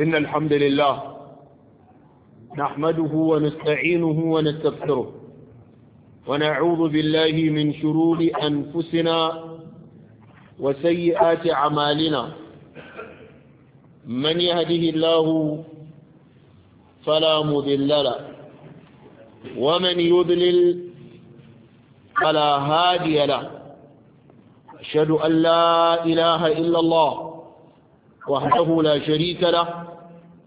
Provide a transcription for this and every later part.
إن الحمد لله نحمده ونستعينه ونستغفره ونعوذ بالله من شرور أنفسنا وسيئات أعمالنا من يهده الله فلا مذل له ومن يذلل فلا هادي له أشهد أن لا إله إلا الله وحده لا شريك له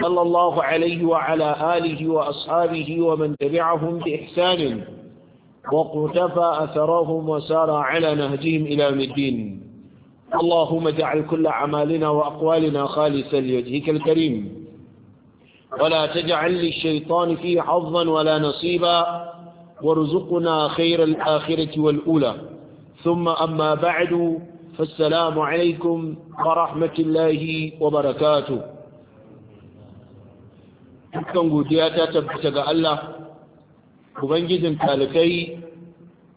صلى الله عليه وعلى آله وأصحابه ومن تبعهم بإحسان وقتفى أثرهم وسار على نهجهم إلى مدين اللهم اجعل كل عمالنا وأقوالنا خالصا لوجهك الكريم ولا تجعل للشيطان فيه حظا ولا نصيبا وارزقنا خير الآخرة والأولى ثم أما بعد فالسلام عليكم ورحمة الله وبركاته dukkan godiya ta tabbata ga Allah ubangijin talibai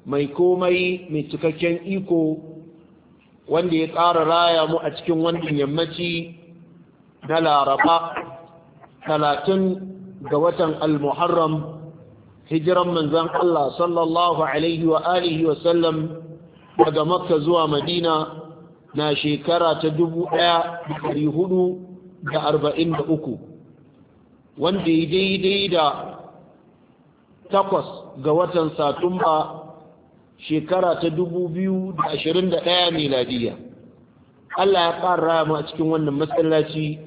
mai komai mai cikakken iko wanda ya tsara raya mu a cikin wannan yammaci na laraba talatin ga watan al-muharram hijiran manzan Allah sallallahu alaihi wa alihi wa sallam daga makka zuwa madina na shekara ta dubu ɗaya da da arba'in da uku. wanda ya daidai da takwas ga watan satumba shekara ta dubu biyu da da ɗaya 2021 miladiya Allah ya ƙara mu a cikin wannan masallaci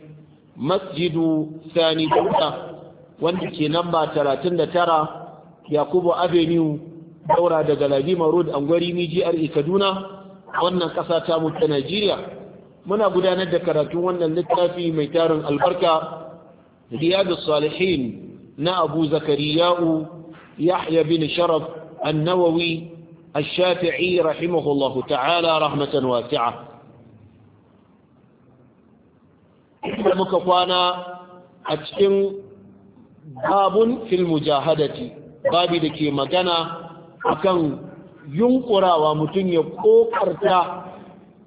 masjidu sani dauda wanda ke namba tara yakubu avenue daura daga ladima road angwari mijiyar e, kaduna wannan ƙasa ta mu ta najeriya muna gudanar da karatun wannan littafi mai tarin albarka رياض الصالحين نا أبو زكرياء يحيى بن شرف النووي الشافعي رحمه الله تعالى رحمة واسعة مكفانا أتشم باب في المجاهدة باب دكي مجانا akan yunkurawa mutum ya kokarta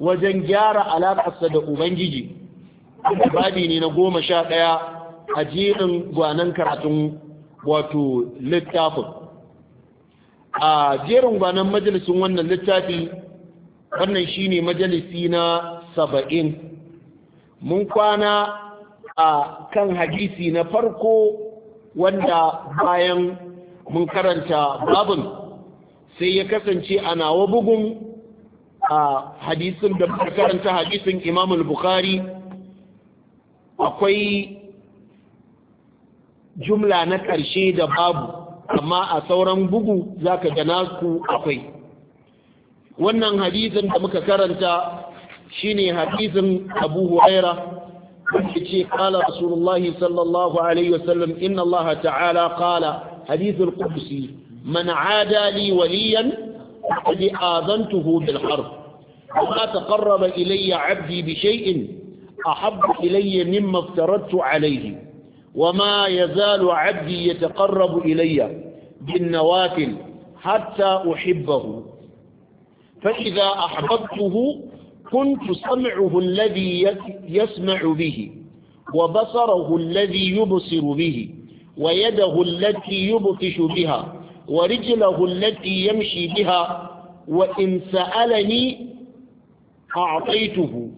wajen gyara alaƙarsa da Ubangiji, babi ne na goma sha ɗaya a jerin gwanan karatun wato littafin a jerin gwanan majalisun wannan littafi wannan shine majalisi na saba'in mun kwana a kan hadisi na farko wanda bayan mun karanta babin sai ya kasance a nawa bugun a hadisin da karanta hadisin imamul al-bukhari akwai jumla na ƙarshe da babu amma a sauran bugu za ka gana ku akwai wannan hadisin da muka karanta shine hadisin abu huraira wanda ce kala rasulullahi sallallahu alaihi wasallam inna allah ta'ala kala hadithul qudsi man ada li waliyan qad azantuhu bil harb وما تقرب إلي عبدي بشيء أحب إلي مما افترضت عليه وما يزال عبدي يتقرب إلي بالنوافل حتى أحبه فإذا أحببته كنت سمعه الذي يسمع به وبصره الذي يبصر به ويده التي يبطش بها ورجله التي يمشي بها وإن سألني أعطيته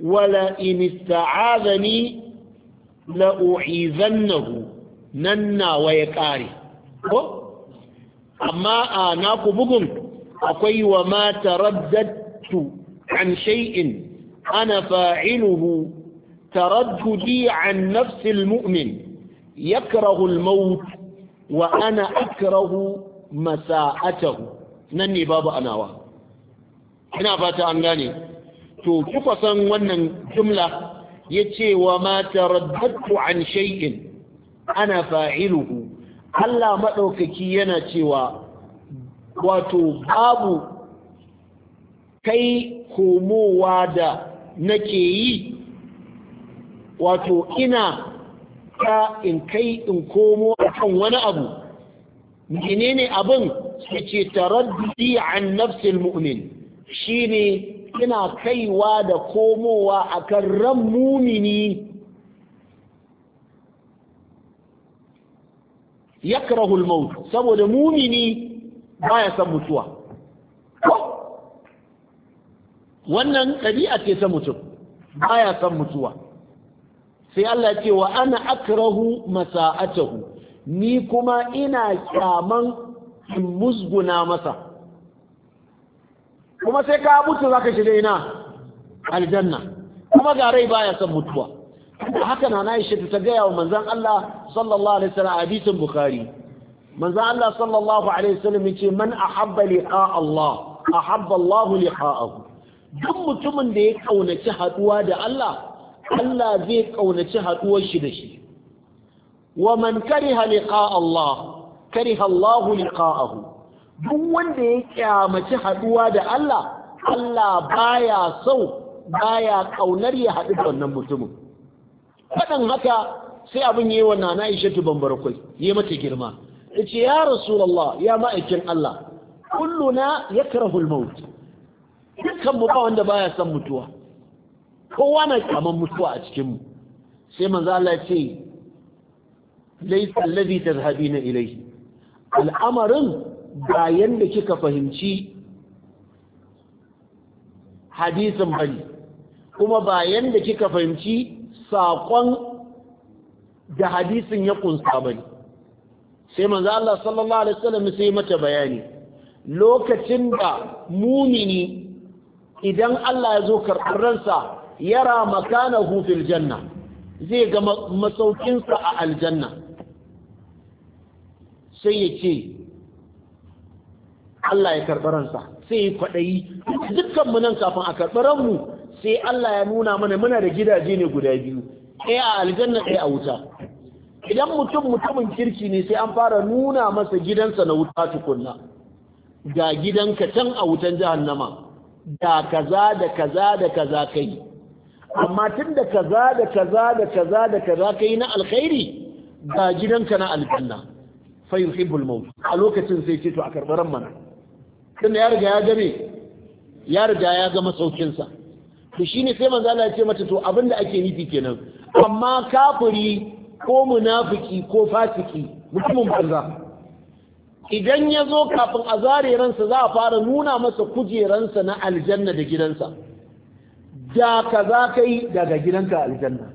ولئن استعاذني la'u'izannahu nan nawa ya ƙare ko amma a naku bugun akwai wa ma taraddatu an shai'in ana fa'iluhu taraddudi an nafsi ya yakrahu almaut wa ana akrahu masa'atahu nan ne babu anawa ina fata an gane to kuka san wannan jumla ya ce wa mata raddatu an shay'in ana fa'iluhu Allah maɗaukaki yana cewa wato babu kai komowa da nake yi wato ina ka in kai in komo akan wani abu menene abin su ce taraddudi an nafsil mu'min shine Ina kaiwa da komowa kan ran mumini yakrahul hulmau, saboda mumini ya son mutuwa wannan ɗabi'a ce ta mutum ba ya son mutuwa sai Allah ce wa ana akrahu masa'atahu ni kuma ina kyaman in musguna masa kuma sai ka mutu ka shiga ina aljanna kuma ga rai baya son mutuwa haka na Aisha ta gaya wa manzan Allah sallallahu alaihi wasallam hadisin Bukhari Manzan Allah sallallahu alaihi wasallam yace man ahabba liqa Allah ahabba Allah liqa'ahu duk mutumin da ya kaunaci haduwa da Allah Allah zai kaunaci haduwar shi da shi wa man kariha liqa Allah kariha Allah liqa'ahu duk wanda ya kyamaci haduwa da Allah Allah baya so baya kaunar ya haɗu da wannan mutumin faɗin haka sai abin yi wa nana ishatu bambarakwai yi mata girma yace ya rasu allah ya ma'aikin Allah kulluna ya al-maut dukkan mu ba wanda baya son mutuwa kowa na kaman mutuwa a cikin mu sai manzo Allah ya ce laysa alladhi tadhhabina ilayhi al'amarin ba yanda kika fahimci hadisin bane kuma ba yanda kika fahimci saƙon da hadisin ya kunsa bane sai manzo Allah sallallahu alaihi wasallam sai mata bayani lokacin da mumini idan Allah ya zo karɓar ransa yara makanahu fil janna zai ga masaukinsa a aljanna sai ya ce Allah ya karɓi ransa sai ya kwaɗayi dukkan mu nan kafin a karɓi ranmu sai Allah ya nuna mana muna da gidaje ne guda biyu ɗaya a aljanna ɗaya a wuta idan mutum mutumin kirki ne sai an fara nuna masa gidansa na wuta tukunna ga gidanka can a wutan jahannama da kaza da kaza da kaza kai amma tun da kaza da kaza da kaza da kaza kai na alkhairi ga gidanka na aljanna fa yuhibbul maut a lokacin sai ce to a karbaran mana tunda ya riga ya game ya riga ya ga masaukinsa to shine sai manzo Allah ya ce mata to abinda ake nufi kenan amma kafiri ko munafiki ko fasiki mutumin banza idan ya zo kafin a zare ransa za a fara nuna masa kujeransa na aljanna da gidansa da kaza kai daga gidanka aljanna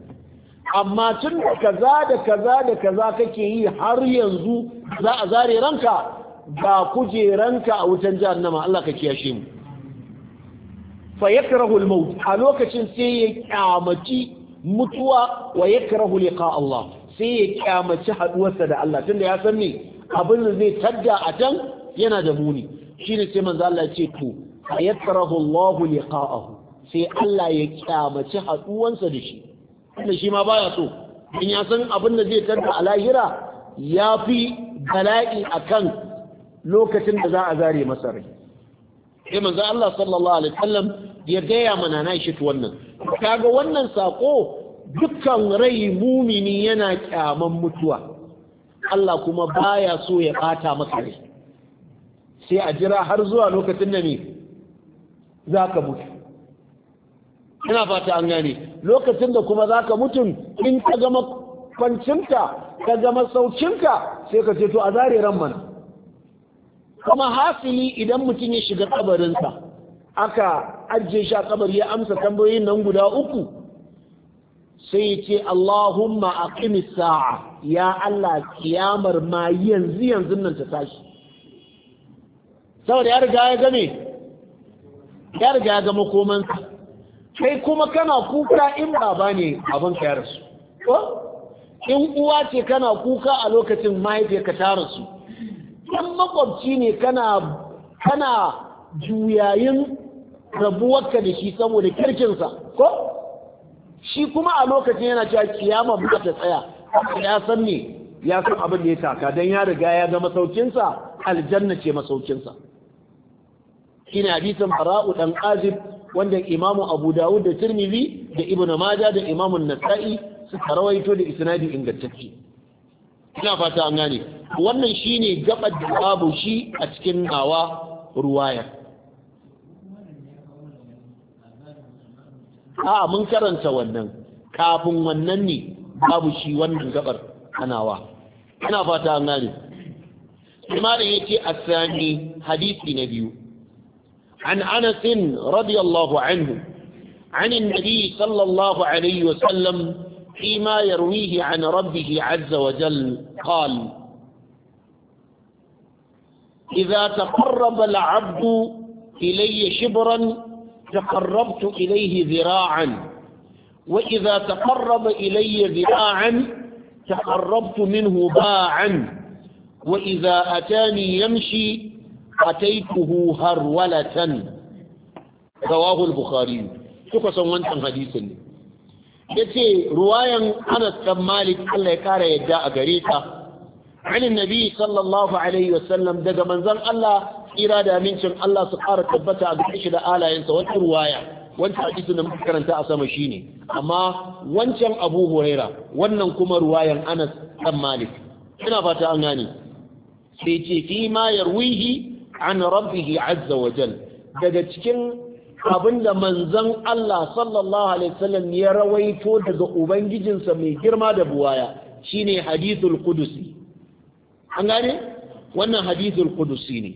amma tun da kaza da kaza da kaza kake yi har yanzu za a zare ranka ba kujeranka a wutan jahannama Allah ka kiyashe mu fa yakrahu al-maut a lokacin sai ya kyamaci mutuwa wa yakrahu liqa Allah sai ya kyamaci haduwarsa da Allah tunda ya san ne abin da zai tadda a can yana da muni shine sai manzo Allah ya ce to fa yakrahu Allah liqa'ahu sai Allah ya kyamaci haduwansa da shi tunda shi ma baya so in ya san abin da zai tadda a lahira ya fi bala'i akan lokacin da za a zare masa rai sai manzo Allah sallallahu alaihi wasallam ya gaya mana na shi wannan kaga wannan sako dukkan rai mumini yana kyaman mutuwa Allah kuma baya so ya bata maka rai sai a jira har zuwa lokacin da ne zaka mutu ina fata an gane lokacin da kuma zaka mutun in ka gama kwancinka ka gama saukinka sai ka ce to a zare ran mana kuma hasili idan mutum ya shiga kabarinsa aka ajiye shi a kabari ya amsa tambayoyin nan guda uku sai ya ce Allahumma aqimis sa'a ya Allah kiyamar ma yanzu yanzu nan ta tashi saboda ya riga ya game ya riga ya gama komansa, kai kuma kana kuka in baba ne abin ka ya rasu ko in uwa ce kana kuka a lokacin mahaifiyarka ta rasu kan makwabci ne kana kana juyayin rabuwarka da shi saboda kirkinsa ko shi kuma a lokacin yana cewa kiyama ba ta tsaya ya san ne ya san abin da ya taka don ya riga ya ga masaukinsa aljanna ce masaukinsa shine hadisin bara'u ɗan azib wanda imamu abu dawud da tirmidhi da ibnu majah da imamu nasa'i suka rawaito da isnadi ingantacce ina fata an gane wannan shine gabar da babu shi a cikin nawa ruwaya a mun karanta wannan kafin wannan ne babu shi wannan gabar anawa ina fata an gane imanin yake asani hadisi na biyu an anas radiyallahu anhu عن النبي صلى الله عليه وسلم فيما يرويه عن ربه عز وجل قال إذا تقرب العبد إلي شبرا تقربت إليه ذراعا وإذا تقرب إلي ذراعا تقربت منه باعا وإذا أتاني يمشي أتيته هرولة رواه البخاري شكرا وانتم حديثا Yace ce ruwayan anas ɗan malik allah ya kara yadda a gare ta anin nabi sallallahu alaihi wasallam daga manzan allah tsira da amincin allah su kara tabbata a gare da alayensa wata ruwaya wancan hadisin da muka karanta a sama shine amma wancan abu huraira wannan kuma ruwayan anas ɗan malik ina fata an gane sai ce fi ma yarwihi an rabbihi azza wa jal daga cikin abinda manzon Allah sallallahu alaihi wasallam ya rawaito daga ubangijinsa mai girma da buwaya shine hadithul qudusi an gane wannan hadithul qudusi ne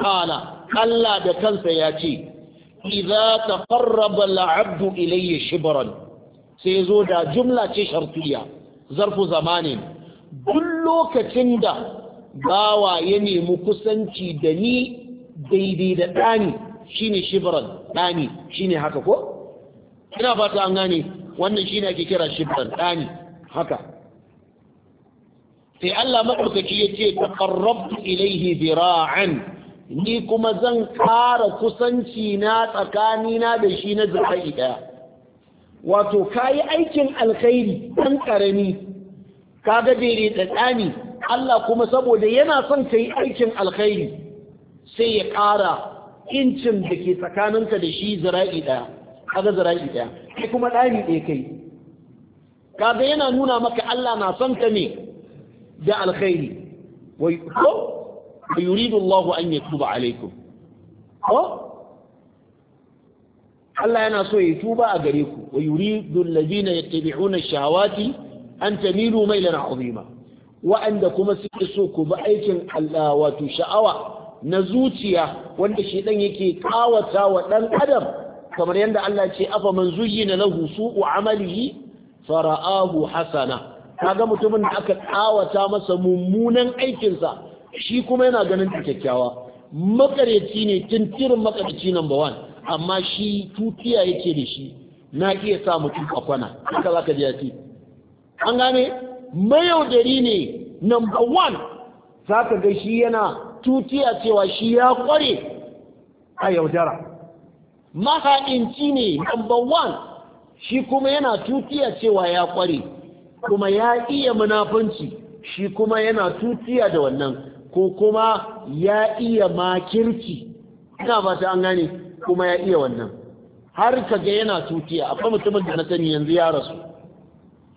Kala Allah da kansa ya ce idza taqarraba al-'abdu ilayya shibran sai zo da jumla ce shartiya zarfu zamanin duk lokacin da bawa ya nemi kusanci da ni daidai da ɗani ne shine ɗani shi ne haka ko ina fata an gane wannan shine ake kira shibran ɗani haka sai Allah ya ce ta taqarrabtu ilayhi dira'an ni kuma zan ƙara kusanci na tsakanina da shi na zira'i ɗaya. wato ka yi aikin alkhairi dan karami kaga daidai da tsani Allah kuma saboda yana son ka yi aikin alkhairi sai ya ƙara incin da ke tsakaninka da shi zira'i ɗaya kaga zira'i ɗaya kai kuma ɗari ɗaya kai kaga yana nuna maka Allah na son ka ne da alkhairi wai ko yuridu Allah an yatuba alaikum ko Allah yana so ya tuba a gare ku wai yuridu allazina yattabi'una ash-shahawati an tamilu 'azima wa'anda kuma suke so ku ba aikin Allah wato sha'awa na zuciya wanda shi ɗan yake kawata wa dan adam kamar yadda Allah ce afa man zuyyina lahu su'u amalihi fara'ahu hasana kaga mutumin da aka kawata masa mummunan aikinsa shi kuma yana ganin kyakkyawa makareci ne tintirin makareci number one amma shi tutiya yake da shi na iya sa mutum kwana haka zaka ji yafi an gane mayaudari ne number one zaka ga shi yana tutiya cewa shi ya kware a yaudara mahaɗinci ne number one shi kuma yana tutiya cewa ya kware kuma ya iya munafunci shi kuma yana tutiya da wannan ko kuma ya iya makirci ina fata an gane kuma ya iya wannan har ka ga yana tutiya akwai mutumin da na sani yanzu ya rasu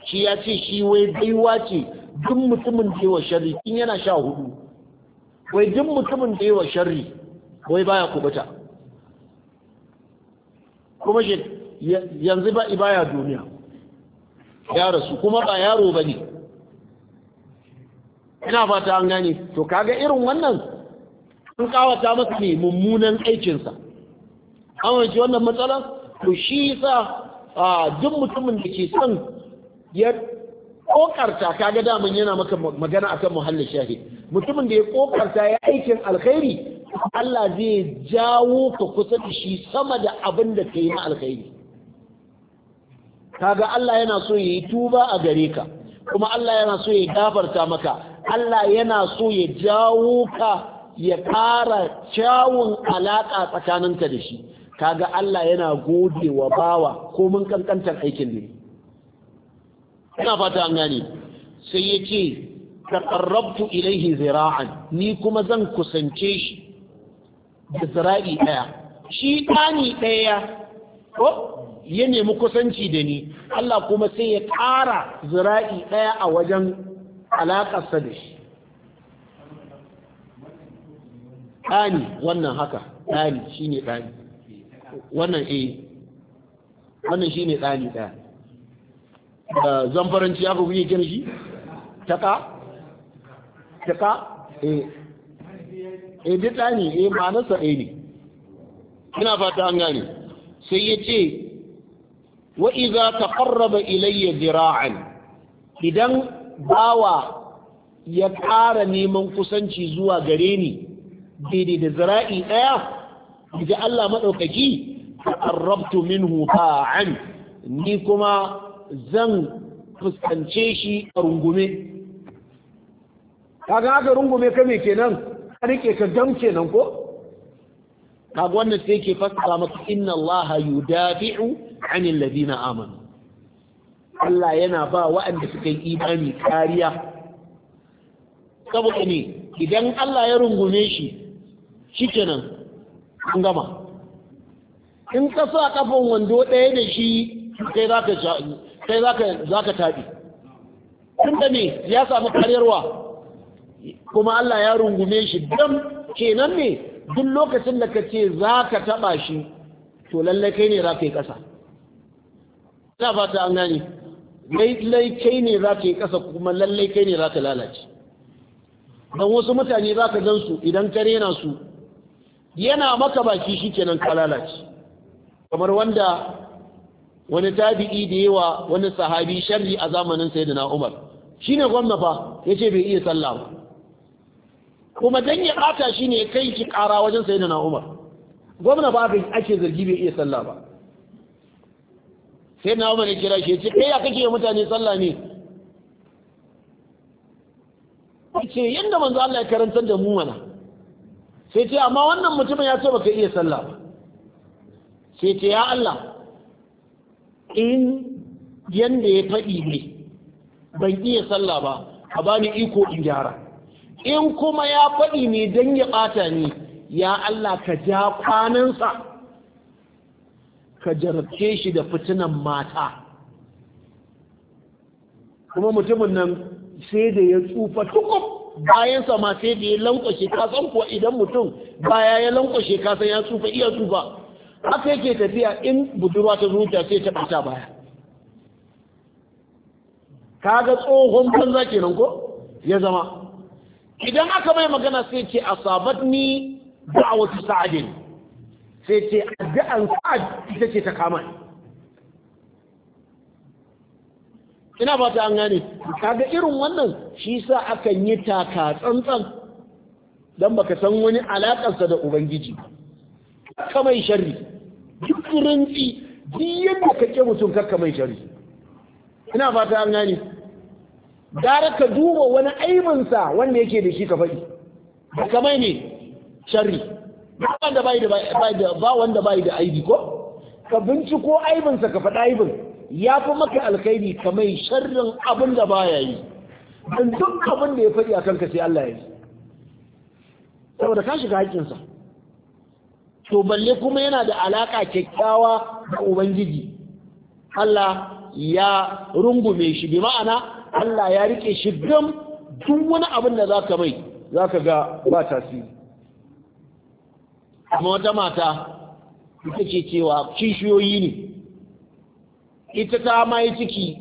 shi ya ce shi wai baiwa ce duk mutumin da yawa sharri in yana sha hudu wai duk mutumin da yawa sharri wai baya kubuta kuma shi yanzu ba ibaya duniya ya rasu kuma ba yaro ba ne ina fata an gane to kaga irin wannan an kawata masa ne mummunan aikinsa an wanci wannan matsalar. to shi sa duk mutumin da ke son ya kokarta kaga daman yana maka magana akan muhallin shahid mutumin da ya kokarta ya aikin alkhairi Allah zai jawo ka kusa da shi sama da abin da ka yi na alkhairi kaga Allah yana so ya yi tuba a gare ka kuma Allah yana so ya gafarta maka Allah yana so ya jawo ka ya fara kyawun alaƙa tsakaninka da shi kaga Allah yana gode wa bawa ko mun kankantar aikin ne ina fata an gane sai ya ce taqarrabtu ilaihi zira'an ni kuma zan kusance shi da zira'i ɗaya shi ɗani ɗaya ko ya nemi kusanci da ni Allah kuma sai ya ƙara zira'i ɗaya a wajen alaƙarsa da shi ɗani wannan haka ɗani ne ɗani wannan eh wannan ɗani ɗaya Zan faranci haka kuke kira shi taka taka eh eh dita ne eh ma'anarsa ɗaya ne ina fata an gane sai ya ce wa iza taqarraba ilayya zira'an idan bawa ya ƙara neman kusanci zuwa gare ni daidai da zira'i ɗaya ji Allah maɗaukaki ta'arrabtu min fa'an ni kuma zan fuskance shi a rungume kaga haka rungume ka me kenan ka rike ka gam kenan ko kaga wannan sai ke fassara maka inna Allah yudafi'u 'anil ladina amanu Allah yana ba wa'anda suka yi imani kariya saboda ne idan Allah ya rungume shi shi kenan an gama in ka sa kafan wando ɗaya da shi kai za ka kai za ka tabi tun da ne ya samu karyarwa kuma Allah ya rungume shi dam kenan ne duk lokacin da ka ce za ka taɓa shi to lallai kai ne za ka yi ƙasa ta fata an gani lallai kai ne za ka yi ƙasa kuma lallai kai ne za ka lalace don wasu mutane za ka gan su idan ka rena su yana maka baki shi kenan ka lalace kamar wanda wani tabi'i da yawa wani sahabi sharri a zamanin sayyidina Umar shine gwamna fa yace bai iya sallah ba kuma dan ya aka shine ya kai ki kara wajen sayyidina Umar gwamna fa bai ake zargi bai iya sallah ba sayyidina Umar ya kira shi ya ce kai ya kake mutane sallah ne ce yanda manzo Allah ya karanta da mu mana sai ce amma wannan mutumin ya ce baka iya sallah ba sai ce ya Allah in yanda ya faɗi ne ban iya sallah ba a bani iko in gyara in kuma ya faɗi ne don ya ɓata ne, ya Allah ka ja kwanansa ka jarabce shi da fitinan mata kuma mutumin nan sai da ya tsufa tukum bayansa ma sai da ya lankwashe kasan kuwa idan mutum baya ya lankwashe kasan ya tsufa iya tsufa haka yake tafiya in budurwa ta zuciya sai ta bata baya kaga tsohon banza kenan ko ya zama idan aka mai magana sai ce asabatni wasu sa'adin sai ce addu'an sa'ad ita ce ta kama ina ba ta an gane kaga irin wannan shi sa akan yi taka tsantsan dan baka san wani alakarsa da ubangiji Kamai sharri duk duk yadda ka mutum kakka mai shari ina fata an gani gara ka duba wani aibinsa wanda yake da shi ka faɗi ba ka mai ne shari ba wanda bai da ba wanda bai da aibi ko ka binciko aibinsa ka faɗa aibin ya fi maka alkhairi ka mai sharrin abin da baya yi dan duk abin da ya faɗi akan ka sai Allah ya yi saboda ka shiga haƙƙinsa to balle kuma yana da alaka kyakkyawa da ubangiji Allah ya rungume shi bi ma'ana Allah ya rike shi gam duk wani abin da zaka mai zaka ga ba tasiri amma wata mata ita ce cewa kishiyoyi ne ita ta mai ciki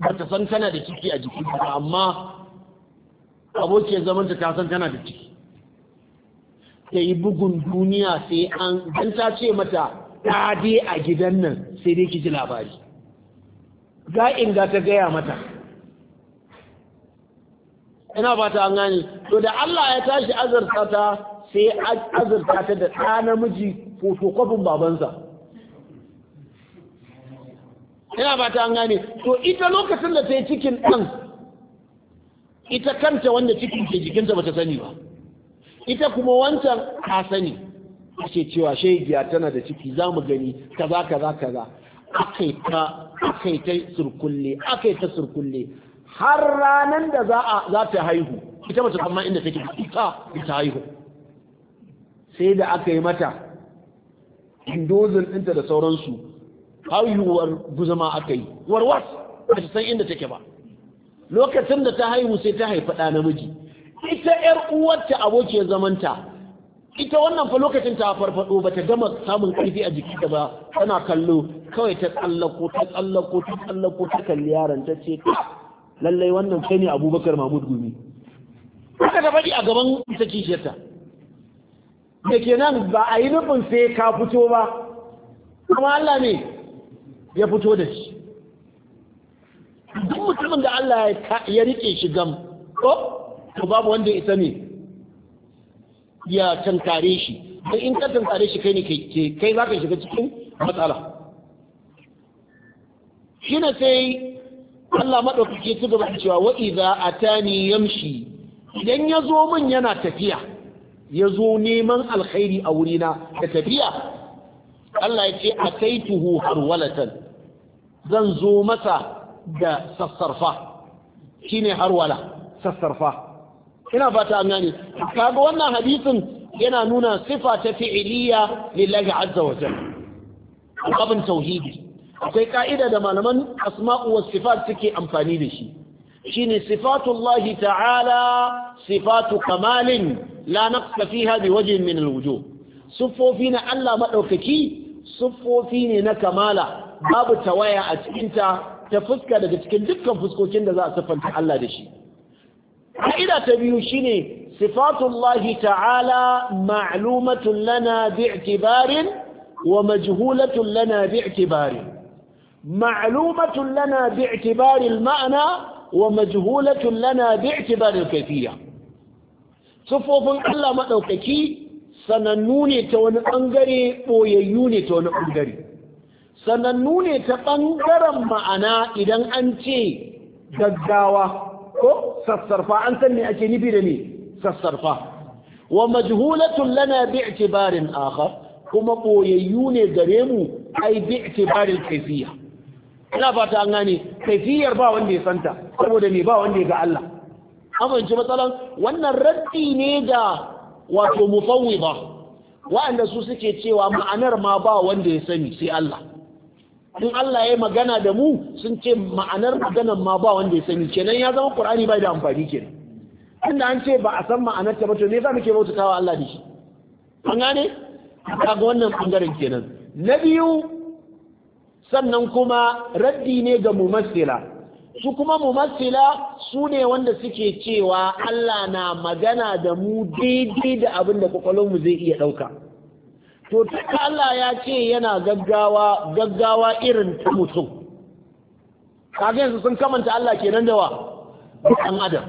ba ta san kana da ciki a jiki amma abokiyar zamanta ta san kana da ciki ta yi bugun duniya sai an dan ta ce mata ta dai a gidan nan sai dai ki ji labari ga inda ta gaya mata ina ba ta an gane to da Allah ya tashi azurta ta sai azurta ta da ɗa namiji kwafin babansa ina ba ta an gane to ita lokacin da ta yi cikin ɗan ita kanta wanda cikin ke jikinta ba ta sani ba ita kuma wancan ka sani ce cewa shaidiya tana da ciki za mu gani kaza kaza kaza akai ta ta surkulle akai ta surkulle har ranar da za a za ta haihu ita mace kama inda take ita ta haihu sai da aka yi mata indozin ɗinta da sauransu haihuwar guzama aka yi warwas ba ta san inda take ba lokacin da ta haihu sai ta haifi ɗa namiji ita ‘yar uwarta abokiyar zamanta ita wannan fa lokacin ta farfado ba ta gama samun ƙarfi a jiki ba tana kallo kawai ta tsallako ta tsallako ta tsallako ta kalli yaron ta ce lallai wannan kai ne abubakar mahmud gumi haka ta faɗi a gaban ita kishiyarta da ke nan ba a yi nufin sai ka fito ba kuma allah ne ya fito da shi duk mutumin da allah ya riƙe shi gam ko to babu wanda ya isa ne ya tankare shi da in ka tankare shi kai ne kai za ka shiga cikin matsala shi sai Allah maɗaukaki ci gaba da cewa wa'iza a tani yamshi idan ya zo min yana tafiya ya zo neman alkhairi a wurina da tafiya Allah ya ce a kaituhu harwalatan zan zo masa da sassarfa shine harwala sassarfa Kina fata an gane kaga wannan hadisin yana nuna sifa ta fi'iliya lillahi azza wa jalla abin tauhidi akwai ka'ida da malaman asma'u wa sifat suke amfani da shi shine sifatullahi ta'ala sifatu kamalin la naqsa fiha wajen min alwujuh siffofi na Allah madaukaki siffofi ne na kamala babu tawaya a cikinta ta fuska daga cikin dukkan fuskokin da za a siffanta Allah da shi ƙa'ida ta biyu shine sifatullahi ta'ala ma'lumatun lana bi'tibarin wa majhulatun lana bi'tibarin ma'lumatun lana bi'tibarin ma'ana wa majhulatun lana bi'tibarin kafiya sufofin Allah maɗaukaki sanannu ne ta wani ɓangare ɓoyayyu ne ta wani ɓangare sanannu ne ta ɓangaren ma'ana idan an ce gaggawa ko sassarfa an san me ake nufi da ni sassarfa wa majhulatun lana bi'tibarin akhar kuma boyayyu ne gare mu ai bi'tibarin kaifiya ina fata an gane kaifiyar ba wanda ya santa saboda me ba wanda ya ga Allah amince matsalan wannan raddi ne ga wato mufawwida wa'anda su suke cewa ma'anar ma ba wanda ya sani sai Allah in Allah ya magana da mu sun ce ma'anar maganar ma ba wanda ya sani kenan ya zama Qur'ani bai da amfani kenan inda an ce ba a san ma'anar ta ba to me yasa muke bautawa Allah da an gane kaga wannan bangaren kenan na biyu sannan kuma raddi ne ga mumassila su kuma mumassila su ne wanda suke cewa Allah na magana da mu daidai da abinda da mu zai iya ɗauka to Allah ya ce yana gaggawa gaggawa irin ta mutum kaga yanzu sun kamanta Allah kenan da wa dan adam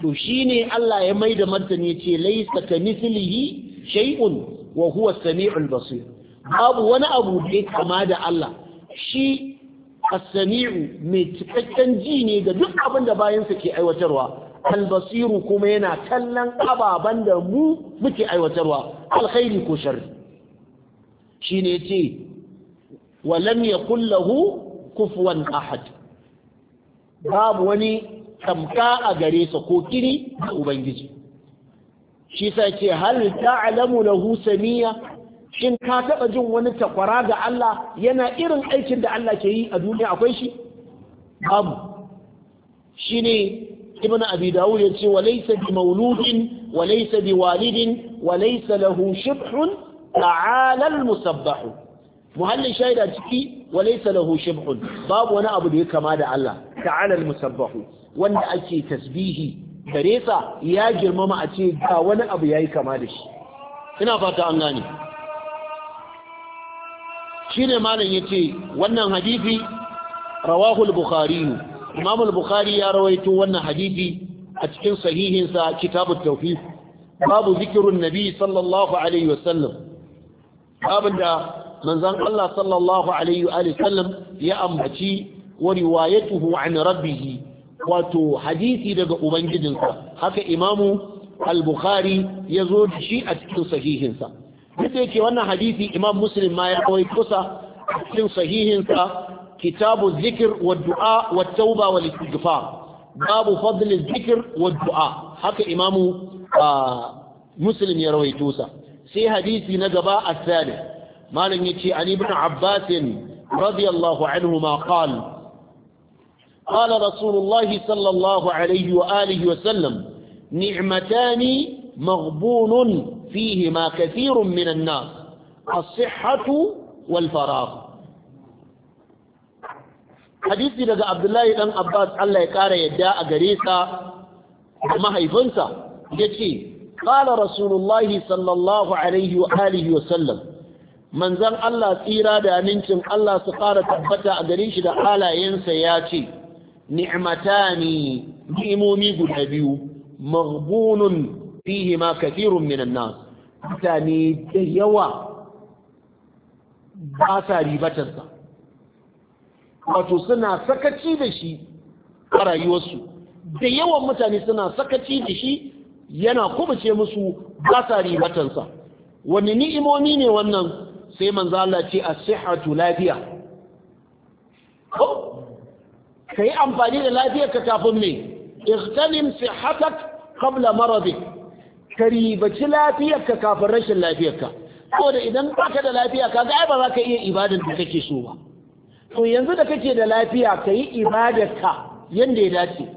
to shine Allah ya mai da martani ce laisa ka mislihi shay'un wa huwa as-sami'ul basir babu wani abu da kama da Allah shi as-sami'u mai cikakken ji ne ga duk abin da bayansa ke aiwatarwa al-basiru kuma yana kallon ababan da mu muke aiwatarwa alkhairi ko sharri shine yace walam ya yakul lahu kufuwan ahad babu wani tamka a gare sa ko kiri da ubangiji shi sa ce hal ta'lamu lahu samiya shin ka taba jin wani takwara ga Allah yana irin aikin da Allah ke yi a duniya akwai shi babu shine ibn abi dawud ya ce walaysa bi mauludin, walaysa bi walidin walaysa lahu shibhun ta'ala al-musabbah muhallin shaida ciki walaysa lahu shibhun babu wani abu da ya kama da Allah ta'ala al-musabbah wanda ake tasbihi Dare sa ya girmama a ce ga wani abu yayi kama da shi ina fata an gane shine malam yace wannan hadisi rawahu al-bukhari imam al-bukhari ya rawaito wannan hadisi a cikin sahihinsa kitab at-tawfiq babu zikirin nabi sallallahu alaihi wasallam babin da manzon Allah sallallahu alaihi wa sallam ya ambaci wa riwayatuhu an rabbih wato hadisi daga ubangijinsa haka imamu al-bukhari ya zo da shi a cikin sahihinsa duk yake wannan hadisi imam muslim ma ya kawai kusa a cikin sahihinsa kitabu zikir wa du'a wa tauba wa babu fadlin zikir wa du'a haka imamu ah, muslim ya rawaito sa sai hadisi na gaba a tsari malin ya ce an ibn abbasin radiyallahu anhu ma qal قال رسول الله صلى الله عليه وآله وسلم نعمتان مغبون فيهما كثير من الناس الصحة والفراغ hadisi daga abdullahi dan abbas allah ya kara yadda a gare sa mahaifinsa قال رسول الله صلى الله عليه وآله وسلم من زن الله تيرا دا ننتم الله سقارة تبتا أدريش دا حالا ينسى ياتي نعمتاني نعمومي قد أبيو مغبون فيهما كثير من الناس تاني ديوا باسا ريبتنسا wato suna sakaci da shi a rayuwarsu da yawan mutane suna sakaci da shi yana kubuce musu ba sa ribatansa wani ni'imomi ne wannan sai manzo Allah ce as-sihhatu lafiya ko kai amfani da lafiyar ka kafin me ightanim sihhatak qabla maradik karibaci lafiyar ka kafin rashin lafiyar ka da idan baka da lafiya kaga ai ba za ka iya ibadar da kake so ba to yanzu da kake da lafiya kai ibadar ka yanda ya dace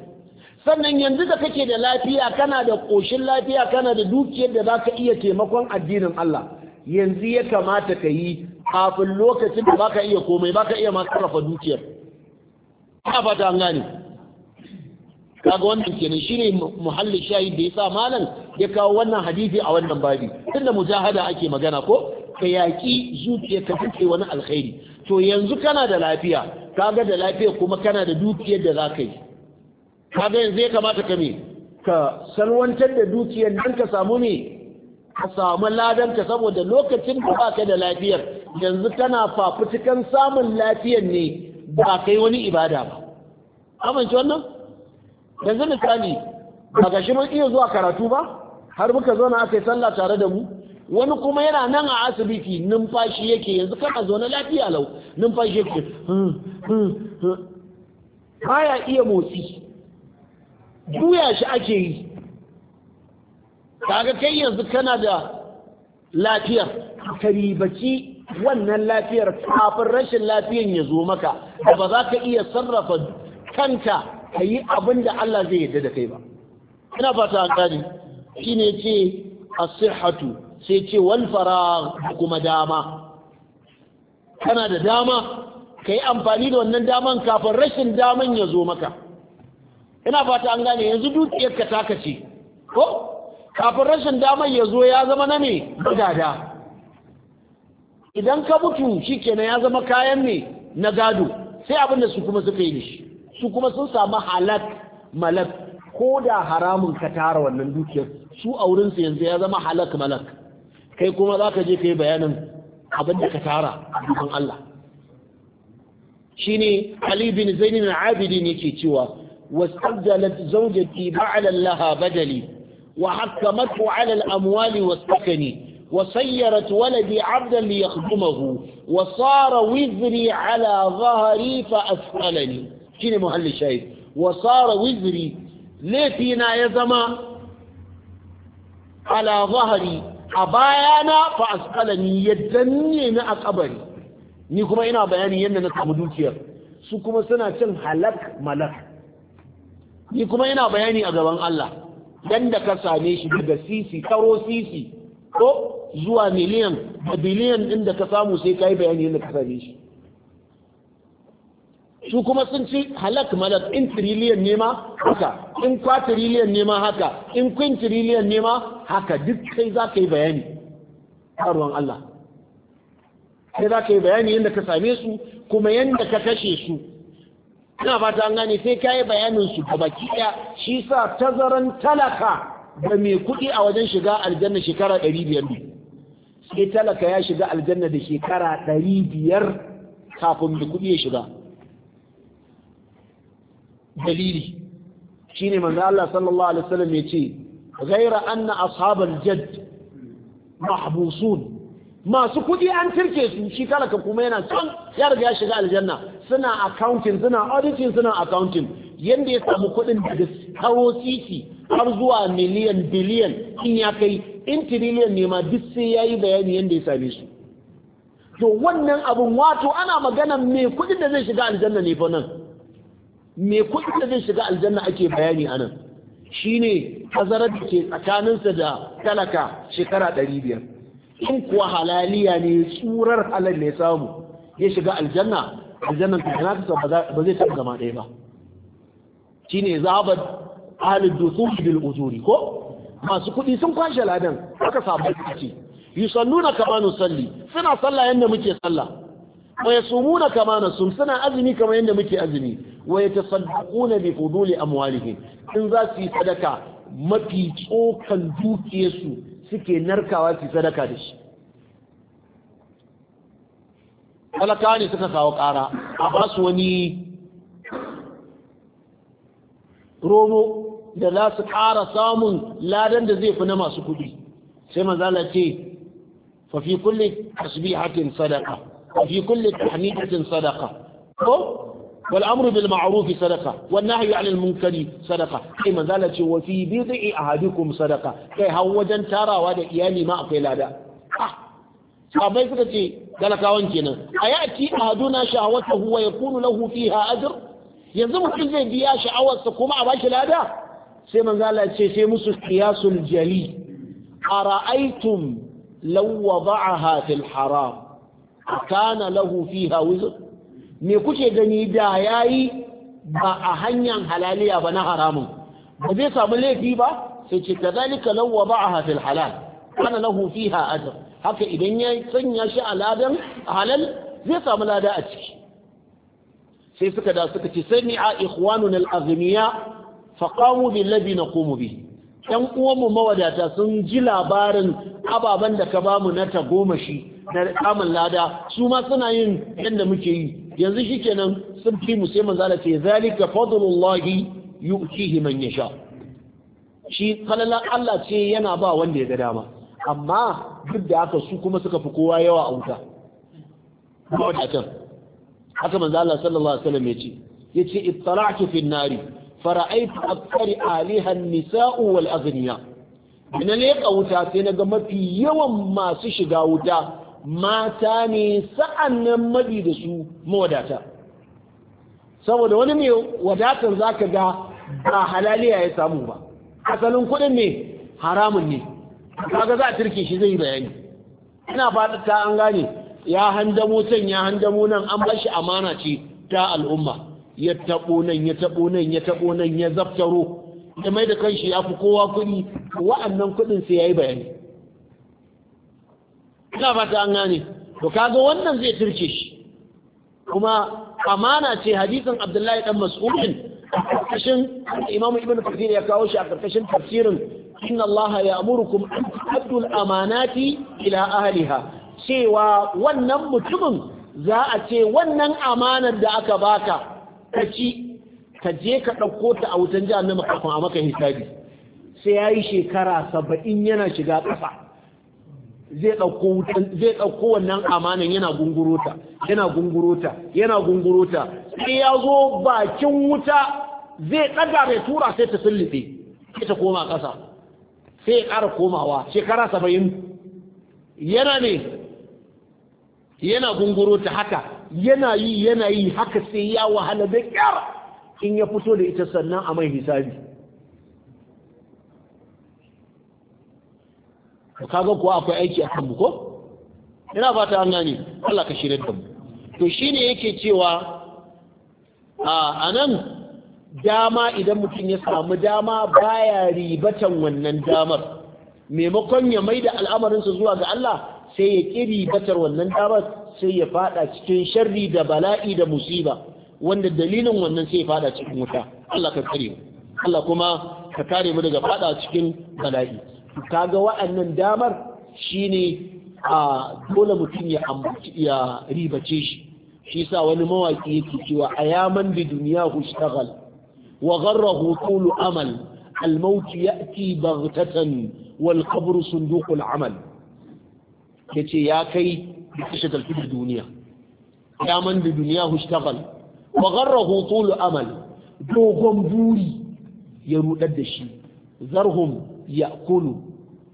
sannan yanzu da kake da lafiya kana da ƙoshin lafiya kana da dukiyar da za ka iya taimakon addinin Allah yanzu ya kamata ka yi kafin lokacin da baka iya komai baka iya ma sarrafa dukiyar ta fata an gane kaga wannan kenan shine muhallin shahid da yasa malam ya kawo wannan hadisi a wannan babi tunda mujahada ake magana ko ka yaki zuciya ka fice wani alkhairi to yanzu kana da lafiya kaga da lafiya kuma kana da dukiyar da zaka yi kaga yanzu ya kamata ka me ka salwantar da dukiyar nan ka samu me ka samu ladan ka saboda lokacin da ka da lafiyar yanzu tana fafutukan samun lafiyar ne ba kai wani ibada ba amince wannan yanzu misali ba ga shi mun iya zuwa karatu ba har muka zo na aka yi sallah tare da mu wani kuma yana nan a asibiti numfashi yake yanzu kana zo na lafiya lau numfashi yake hmm, hmm, hmm. baya iya motsi juya shi ake yi kaga kai yanzu kana da lafiyar ka ribaci wannan lafiyar kafin rashin lafiyan ya zo maka da ba za ka iya sarrafa kanka ka yi abin da Allah zai yarda da kai ba ina fata an shi ne ce a sai ce wal fara kuma dama kana da dama ka yi amfani da wannan daman kafin rashin daman ya zo maka ina fata an gane yanzu dukiyar ka taka ce ko kafin rashin damar ya zo ya zama na ne gada idan ka mutu shi kenan ya zama kayan ne na gado sai abinda su kuma suka yi shi su kuma sun samu halak malak ko da haramun ka tara wannan dukiyar su a wurinsu yanzu ya zama halak malak kai kuma za ka je ka yi bayanin abin da ka tara a dukan Allah shi Ali bin Zaini Abidin yake cewa واستبدلت زوجتي بعلا لها بدلي وحكمته على الأموال والسكن وسيرت ولدي عبدا ليخدمه وصار وزري على ظهري فأسألني شيني محل الشاهد وصار وزري ليفينا يزما على ظهري أبايانا فأسألني يدنينا أكبري نيكما إنا بياني يننا تعمدوكيا سكما سنة حلق ملك ni kuma yana bayani a gaban Allah da ka same shi daga sisi karo sisi ko zuwa miliyan da biliyan din da ka samu sai ka yi bayani yadda ka same shi su kuma sun ci halak malak in tiriliyan ne ma haka in kwatiriliyan ne ma haka in kwintiriliyan ne ma haka duk kai za ka yi bayani karuwan Allah sai za ka yi bayani yadda ka same su kuma yadda ka kashe su ina fata an gane sai kayi bayanin su ga baki ɗaya shi sa tazaran talaka da mai kuɗi a wajen shiga aljanna shekara ɗari biyar ne sai talaka ya shiga aljanna da shekara ɗari biyar kafin da kuɗi ya shiga dalili shine manzo Allah sallallahu alaihi wasallam ya ce ghaira anna ashabal jadd mahbusun masu kuɗi an tirke su shi talaka kuma yana son ya riga ya shiga aljanna suna accounting suna auditing suna accounting yadda ya samu kuɗin daga kawo titi har zuwa miliyan biliyan in ya kai in tiriliyan ne ma duk sai ya yi bayani yadda ya same su to wannan abin wato ana magana mai kuɗin da zai shiga aljanna ne fa nan mai kuɗin da zai shiga aljanna ake bayani a nan shine hazarar da ke tsakaninsa da talaka shekara ɗari biyar in kuwa halaliya ne tsurar halal ne samu ya shiga aljanna aljannan ta kana kasa ba zai taɓa zama ɗaya ba shine zabat ahlud dusul bil uzuri ko masu kuɗi sun kwashe ladan aka samu kaci yusalluna kama nusalli suna sallah yanda muke sallah wa yasumuna kama nasum suna azumi kama yanda muke azumi wa yatasaddaquna bi fuduli amwalihim in za su yi sadaka mafi tsokan dukiyarsu suke narkawa su sadaka da shi talakawa ne suka kawo ƙara a ba su wani romo da za su ƙara samun ladan da zai fi na masu kuɗi sai manzala ce fafi kulle tasbihatin sadaka fafi kulle tahmidatin sadaka ko wal amru bil ma'ruf sadaka wan nahyu 'anil munkari sadaka Sai manzala ce wa fi bid'i ahadikum sadaka kai har wajen tarawa da iyali ma akwai lada ah sabai suka ce talakawan kenan a yati ahaduna shahawatahu wa yakunu lahu fiha ajr yanzu mutum zai biya sha'awarsa kuma a bashi lada sai manzo Allah ce sai musu qiyasul jali ara'aytum law wada'aha fil haram kana lahu fiha wizr me kuke gani da yayi ba a hanyar halaliya ba na haramun ba zai samu laifi ba sai ce kazalika law wada'aha fil halal kana lahu fiha ajr haka idan ya sanya shi a ladan halal zai samu lada a ciki sai suka da suka ci, sai a ikhwanun al'azmiya faqamu billazi naqumu bihi ɗan uwanmu mawadata sun ji labarin ababen da ka bamu na tagomashi na kamun lada su ma suna yin yadda muke yi yanzu shikenan sun fi mu sai manzo ce zalika fadlullahi yu'tihi man yasha shi kalalan Allah ce yana ba wanda ya ga dama amma duk da haka su kuma suka fi kowa yawa a wuta haka manzo Allah sallallahu alaihi wasallam yace yace ittala'tu fi an-nari fara'aytu aktsari aliha an-nisa'u wal aghniya ne ka wuta sai naga mafi yawan masu shiga wuta mata ne sa'annan mabi da su mawadata saboda wani ne wadatar zaka ga ba halaliya ya samu ba asalin kuɗin ne haramun ne kaga za a turke shi zai bayani ina ba ta an gane ya handamo can ya handamo nan an ba shi amana ce ta al'umma ya taɓo nan ya taɓo nan ya taɓo nan ya zaftaro ya mai da kanshi ya fi kowa kuɗi wa'annan kuɗin sai ya yi bayani ina ba ta an gane to kaga wannan zai turke shi kuma amana ce hadisin abdullahi dan mas'udin a ƙarƙashin imamu ibn kafir ya kawo shi a ƙarƙashin tafsirin inna allaha ya amurukum abdul amanati ila Aliha. cewa wannan mutumin za a ce wannan amanar da aka baka ka ci ka je ka ɗauko ta a wutan jahannama kafin a maka hisabi sai ya yi shekara saba'in yana shiga ƙasa zai ɗauko wannan amanar yana gungurota yana gungurota yana gungurota sai ya zo bakin wuta zai ɗaga mai tura sai ta sulluɗe sai ta koma ƙasa sai ya ƙara komawa shekara saba'in yana ne yana gunguro ta haka yana yi yana yi haka sai ya wahala da ƙyar in ya fito da ita sannan a mai hisabi kaga kuwa akwai aiki a kanmu ko? ina fata an ne Allah ka shirya da mu to shine yake cewa a nan. dama idan mutum ya samu dama baya ribatan wannan damar maimakon ya maida al'amarinsa zuwa ga Allah sai ya ƙi ribatar wannan damar sai ya fada cikin sharri da bala'i da musiba wanda dalilin wannan sai ya fada cikin wuta Allah ka kare Allah kuma ka kare mu daga fada cikin bala'i kaga wa'annan damar shine a dole mutum ya ambaci ya ribace shi shi sa wani mawaki yake cewa ayaman bi duniya hu wa gharrahu amal al-maut ya'ti baghtatan wal qabr sunduqul amal yace ya kai kashe talfi duniya ya man duniya hushtagal wa gharrahu amal dogon buri ya rudar da shi zarhum ya'kulu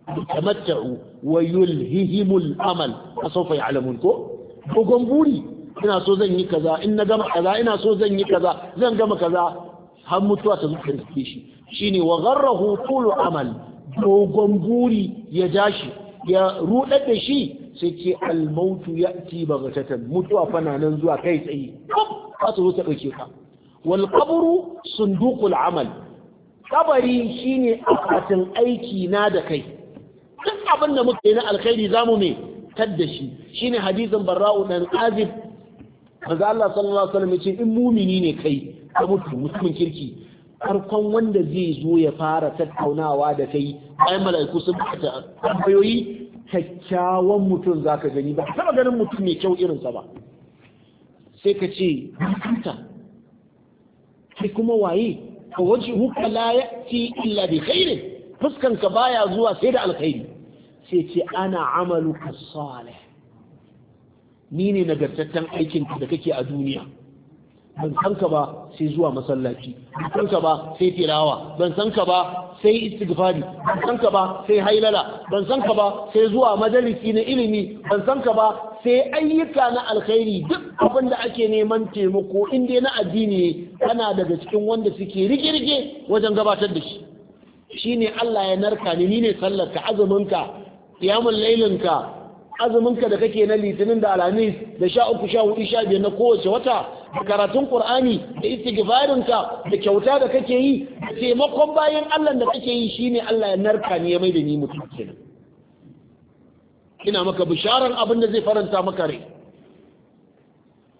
yatamatta'u wa amal ko dogon buri ina so zan yi kaza in na gama kaza ina so zan yi kaza zan gama kaza har mutuwa ta zuwa riske shi shine wa gharrahu tulu amal dogon buri ya jashi ya ruɗaɗa da shi sai ce almautu ya'ti baghtatan mutuwa fana nan zuwa kai tsaye ba su ta ɗauke ka wal qabru sunduqul amal kabari shine akwatin aiki na da kai duk abin da muka yi na alkhairi zamu me tadda shi shine hadisin barra'u dan azib manzo Allah sallallahu alaihi wasallam yace in mumini ne kai ka mutu mutumin kirki farkon wanda zai zo ya fara tattaunawa da kai ai mala'iku sun bata tambayoyi kyakkyawan mutum zaka gani ba taba ganin mutum mai kyau irinsa ba sai ka ce mutunta kai kuma waye ka waje huka la ya'ti illa bi khairin fuskanka baya zuwa sai da alkhairi sai ce ana amalu salih ni ne nagartaccen aikinka da kake a duniya ban san ka ba sai zuwa masallaci ban san ka ba sai tirawa ban san ka ba sai istighfari ban san ka ba sai hailala ban san ka ba sai zuwa majalisi na ilimi ban san ka ba sai ayyuka na alkhairi duk abin da ake neman taimako in dai na addini kana daga cikin wanda suke rike-rike wajen gabatar da shi shine Allah ya narka ni ne sallar ka azumin ka qiyamul lailin ka azuminka da kake na litinin da alhamis da sha uku sha hudu sha biyar na kowace wata da karatun qur'ani da istighfarinka da kyauta da kake yi da taimakon bayan allah da kake yi shine allah ya narka ni ya mai da ni mutum ina maka bisharan abin da zai faranta maka rai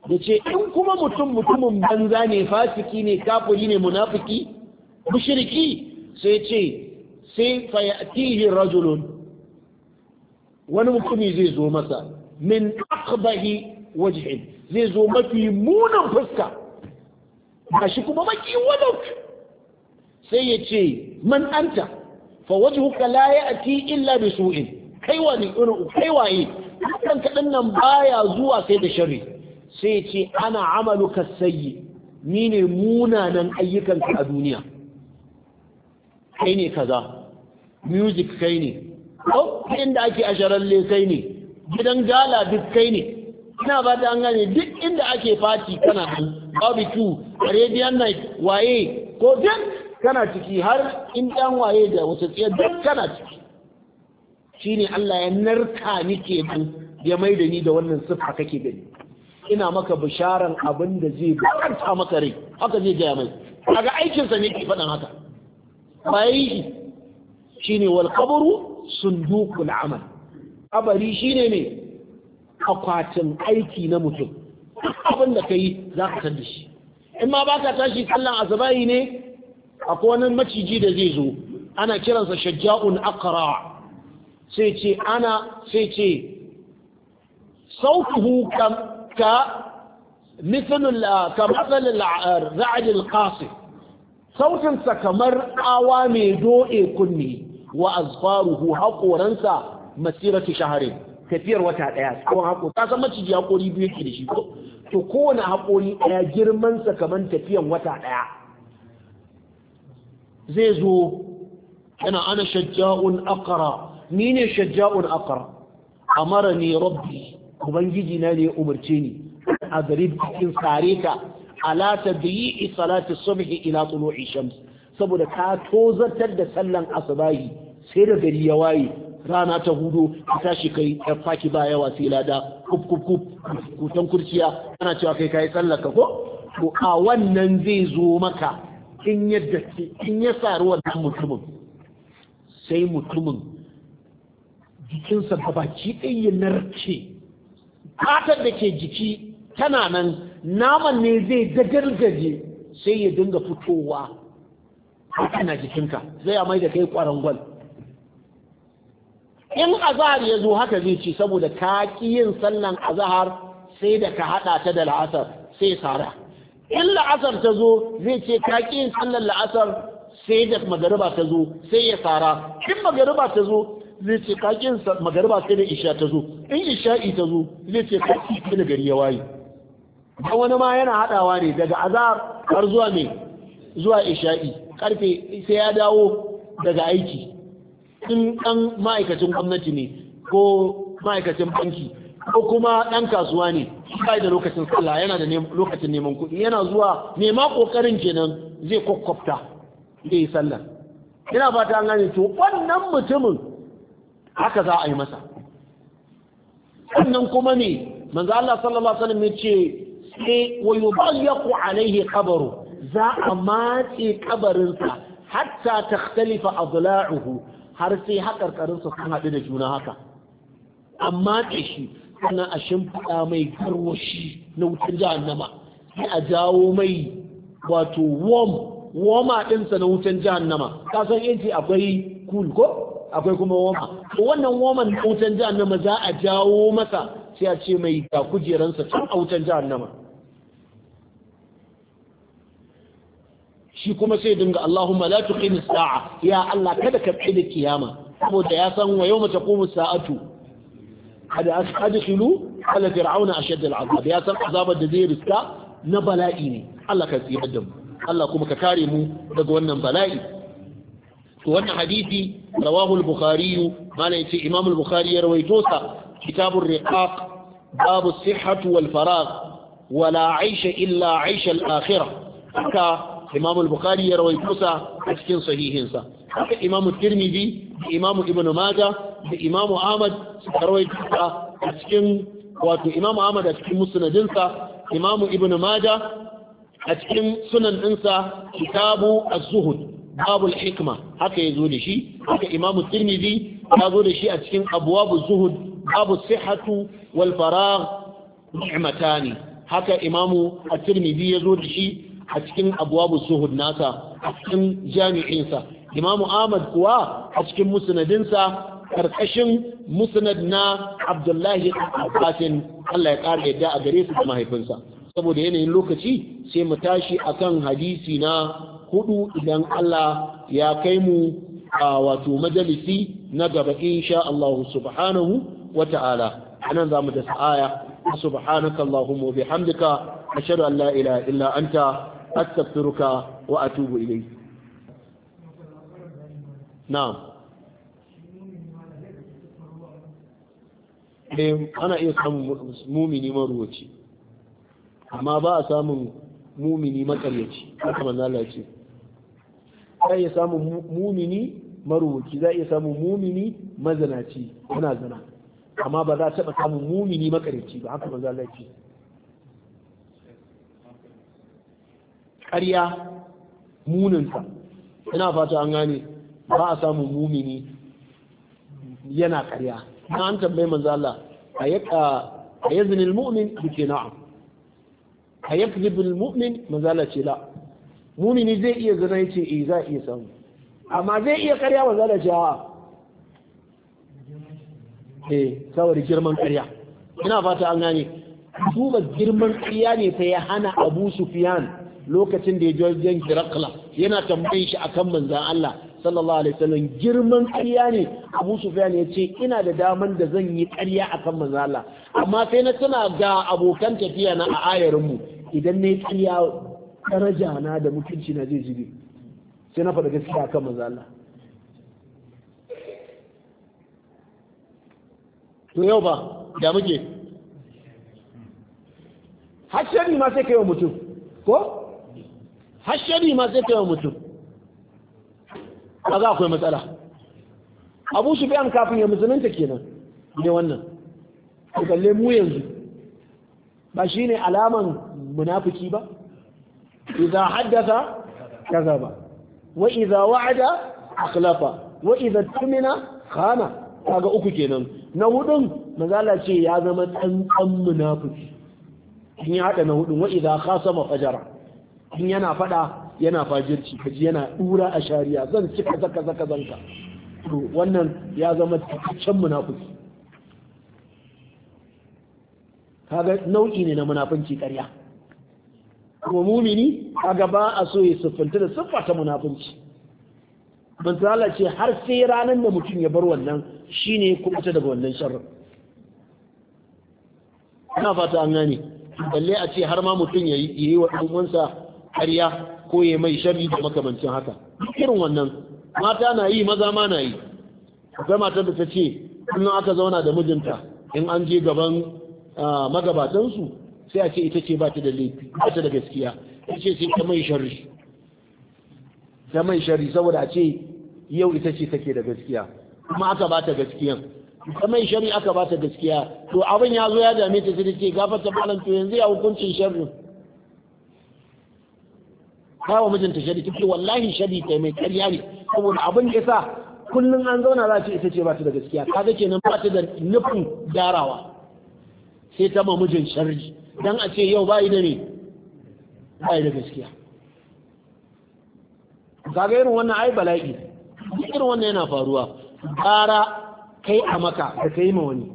yace in kuma mutum mutumin banza ne fasiki ne kafiri ne munafiki mushriki sai ce sai fayatihi rajulun wani mutumi zai zo masa min akbahi wajhin zai zo mafi munan fuska ba shi kuma maki wadau sai ya ce man anta fa wajhuka la ya'ti illa bi su'in kai wani irin kai waye kan nan baya zuwa sai da sharri sai ya ce ana amaluka sayyi ni ne munanan ayyukanka a duniya kai ne kaza music kai ne ko inda ake a asharalle kai ne gidan gala duk kai ne ina ba ta hangane duk inda ake fati kana nan barbecue arabian night waye ko duk kana ciki har in dan waye da wata tsiya duk kana ciki shine Allah ya narka ni kenan ya mai da ni da wannan sifa kake gani ina maka bisharan abin da zai bukata maka rai haka zai gaya mai kaga aikinsa ne ke faɗan haka ba yi shi shine wal qabru sundukul amal kabari shine ne akwatin aiki na mutum abin da kai za ka san da shi in ma baka tashi sallan azabai ne akwai wani maciji da zai zo ana kiransa shajja'un aqra sai ce ana sai ce sautuhu ka mithlul ka mathalul ra'd al sautinsa kamar awa mai do'e kunni wa azfaruhu haƙoransa masiratu shaharin tafiyar wata ɗaya tsawon haƙo ta san maciji haƙori biyu yake da shi ko to kowane haƙori ɗaya girmansa kamar tafiyan wata ɗaya zai zo yana ana shajja'un akara ni ne shajja'un akara amara ne rabbi ubangiji na ne umarce ni a gari cikin tsare ka ala tabi'i salati subhi ila tulu'i shams saboda ka tozartar da sallan asbahi sai da gari ya waye rana ta hudu ka tashi kai yar faki ba yawa sai lada kuf kuf kuf kutan kurciya ana cewa kai kai tsallaka ko to a wannan zai zo maka in yadda in ya saru wannan mutumin sai mutumin jikinsa gabaci ɗaya narce fatar da ke jiki tana nan naman ne zai dagargaje sai ya dinga fitowa a jikinka zai amai da kai kwarangwal in azahar ya zo haka zai ci saboda ka ƙi yin sannan azahar sai da ka haɗa ta da la'asar sai sara. in la'asar ta zo zai ce ka ƙi yin sannan la'asar sai da magariba ta zo sai ya sara. in magariba ta zo zai ce ka ƙi yin magariba sai da isha ta zo in isha'i ta zo zai ce ka ƙi yin gari ya waye ba wani ma yana haɗawa ne daga azahar har zuwa mai zuwa isha'i karfe sai ya dawo daga aiki in ɗan ma'aikacin gwamnati ne ko ma'aikacin banki ko kuma ɗan kasuwa ne bai da lokacin sallah yana da lokacin neman kuɗi yana zuwa nema ƙoƙarin kenan zai kwakwafta zai yi sallar. ina fata an gane to wannan mutumin haka za a yi masa wannan kuma ne manzo Allah sallallahu alaihi wasallam ce sai wa yudayyaqu alaihi qabru za a matse kabarinsa hatta takhtalifa adla'uhu har sai haƙarƙarin su kan haɗu da juna haka amma da shi sannan a shimfiɗa mai garwashi na wutar jahannama sai a jawo mai wato warm woma ɗinsa na wutar jahannama ka san yanci akwai cool ko akwai kuma woma wannan warm na wutar jahannama za a jawo masa sai a ce mai ga kujeransa can a wutar jahannama shi kuma sai dinga Allahumma la tuqimi sa'a ya Allah kada ka tsaya da kiyama saboda ya san wa yawma taqumu sa'atu kada adkhilu ala fir'auna ashad al'azab ya san azabar da zai riska na bala'i ne Allah ka tsira da mu Allah kuma ka kare mu daga wannan bala'i to wannan hadisi rawahu al-bukhari mana yace imam al-bukhari ya rawaito sa kitabur riqaq babu sihhatu wal faragh wala aisha illa aisha al-akhirah imam al-bukhari ya rawaito a cikin sahihinsa haka imam tirmidhi da ibnu da ahmad suka a cikin wato imamu ahmad a cikin musnadinsa imam ibnu Maja, a cikin sunan dinsa kitabu az-zuhud babul hikma haka yazo da shi haka imam tirmidhi ya zo da shi a cikin abwabuz zuhud babu sihhatu wal faragh ni'matani haka imamu at-tirmidhi yazo da shi a cikin abwabu suhud nasa a cikin jami'insa imam ahmad kuwa a cikin musnadinsa karkashin musnad na abdullahi abbasin Allah ya kara yadda a gare su da mahaifinsa saboda yanayin lokaci sai mu tashi akan hadisi na hudu idan Allah ya kai mu a wato majalisi na gaba insha allahu subhanahu wa ta'ala anan zamu da sa'aya subhanaka allahumma wa bihamdika ashhadu an la ilaha illa anta astaghfiruka wa atubu ilayk na'am eh ana iya samun mumini maruwaci amma ba a samun mumini makaryaci haka manzo Allah ce za iya samun mumini maruwaci za iya samun mumini mazanaci yana zana amma ba za a taɓa samun mumini makaryaci ba haka manzo Allah ce ƙarya muninsa ina fata an gane ba a samun mumini yana ƙarya na an tambayi manzo Allah a yazni mu'min yake na'am a yakzibu almu'min manzo Allah ce la mumini zai iya zana yace eh za iya samu amma zai iya ƙarya manzo Allah ce a'a eh saboda girman ƙarya ina fata an gane duba girman ƙarya ne ta ya hana Abu Sufyan lokacin da ya ji wajen Hirakla yana tambayin shi kan manzan Allah sallallahu alaihi wasallam girman ƙarya ne Abu Sufyan ya ce ina da daman da zan yi ƙarya kan manzan Allah amma sai na tana ga abokan tafiya na a ayarinmu idan na yi ƙarya daraja na da mutunci na zai zube sai na faɗa gaskiya kan manzan Allah to yau ba da muke har shari ma sai kai wa mutum ko hashari ma sai kai mutum ku akwai matsala Abu Sufyan kafin ya musulunta kenan ne wannan ku kalle mu yanzu ba shi ne alaman munafuki ba idza haddatha kazaba wa idza wa'ada akhlafa wa idza tumina khana kaga uku kenan na hudun mazala ce ya zama tsantsan munafiki in ya hada na hudun wa idza khasama fajara in yana fada yana fajirci kaji yana dura a shari'a zan ci kaza kaza ka to wannan ya zama cikakken munafiki kaga nau'i ne na munafunci ƙarya kuma mumini kaga ba a so ya siffanta da siffa ta munafunci manzala ce har sai ranar da mutum ya bar wannan shine kuma ta daga wannan sharrin ina fata an gane balle a ce har ma mutum ya yi wa ɗan uwansa ƙarya ko ya mai sharri da makamancin haka irin wannan mata na yi maza ma na yi akwai mata da ta ce kullum aka zauna da mijinta in an je gaban magabatansu sai a ce ita ce ba ta da laifi ba ta da gaskiya ita ce sai ta mai sharri ta mai sharri saboda a ce yau ita ce take da gaskiya kuma aka ba ta gaskiyan ta mai sharri aka ba ta gaskiya to abin ya zo ya dame ta sai ta ce gafarta malam to yanzu ya hukuncin sharrin ba wa mijinta shari ta ce wallahi shari ta mai karya ne saboda abin da sa kullum an zauna za ce ita ce ba ta da gaskiya kaga kenan ba ta da nufin darawa, sai ta ma mijin sharri dan a ce yau ba da ne ba da gaskiya irin wannan ai bala'i irin wannan yana faruwa gara kai a maka da kai ma wani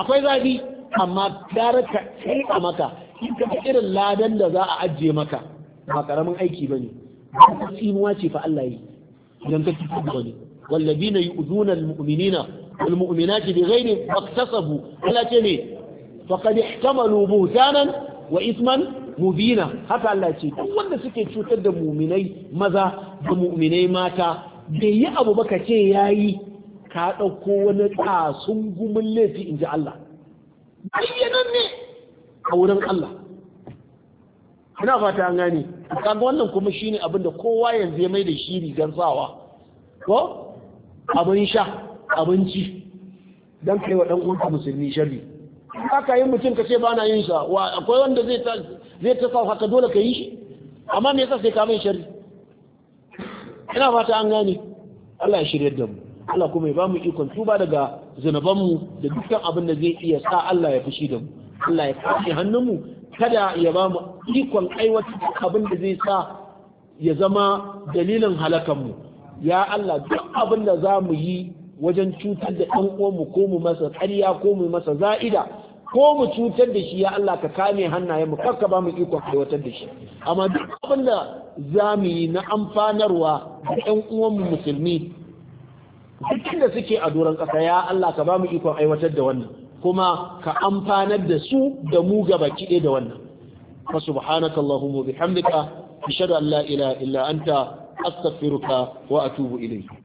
akwai zafi amma gara kai a maka irin ladan da za a ajiye maka ba karamin aiki bane ba tsinuwa ce fa Allah yi idan ka tuka wani والذين يؤذون المؤمنين والمؤمنات بغير ما اكتسبوا ولا تني فقد احتملوا بهتانا واثما mubina haka Allah ce duk wanda suke cutar da muminai maza da muminai mata bai yi abu baka ce yayi ka ɗauko wani tsasun gumin laifi in ji Allah bayyanan ne a wurin Allah ina fata an gane kaga wannan kuma shine abin da kowa yanzu ya mai da shi dan sawa ko abin sha abinci dan kai wa dan uwanka musulmi sharri haka yin mutum ka ce ba na yin sa wa akwai wanda zai ta zai ta sa haka dole ka yi shi amma me yasa sai ka mai sharri ina fata an gane Allah ya shirye da mu Allah kuma ya ba mu ikon tuba daga zinabanmu da dukkan abin da zai iya sa Allah ya fushi da mu Allah ya kashe hannunmu kada ya ba mu ikon aiwatar abin da zai sa ya zama dalilin halakanmu ya Allah duk abin da za mu yi wajen cutar da ɗan uwanmu ko mu masa ƙarya ko mu masa za'ida ko mu cutar da shi ya Allah ka kame hannaye mu, karka ba mu ikon aiwatar da shi amma duk abin da za mu yi na amfanarwa da ɗan uwanmu musulmi duk da suke a doron ƙasa ya Allah ka ba mu ikon aiwatar da wannan kuma ka amfanar da su da mu gaba kiɗe da wannan fa subhanaka allahumma bihamdika ashhadu an la ilaha illa anta astaghfiruka wa atubu ilayk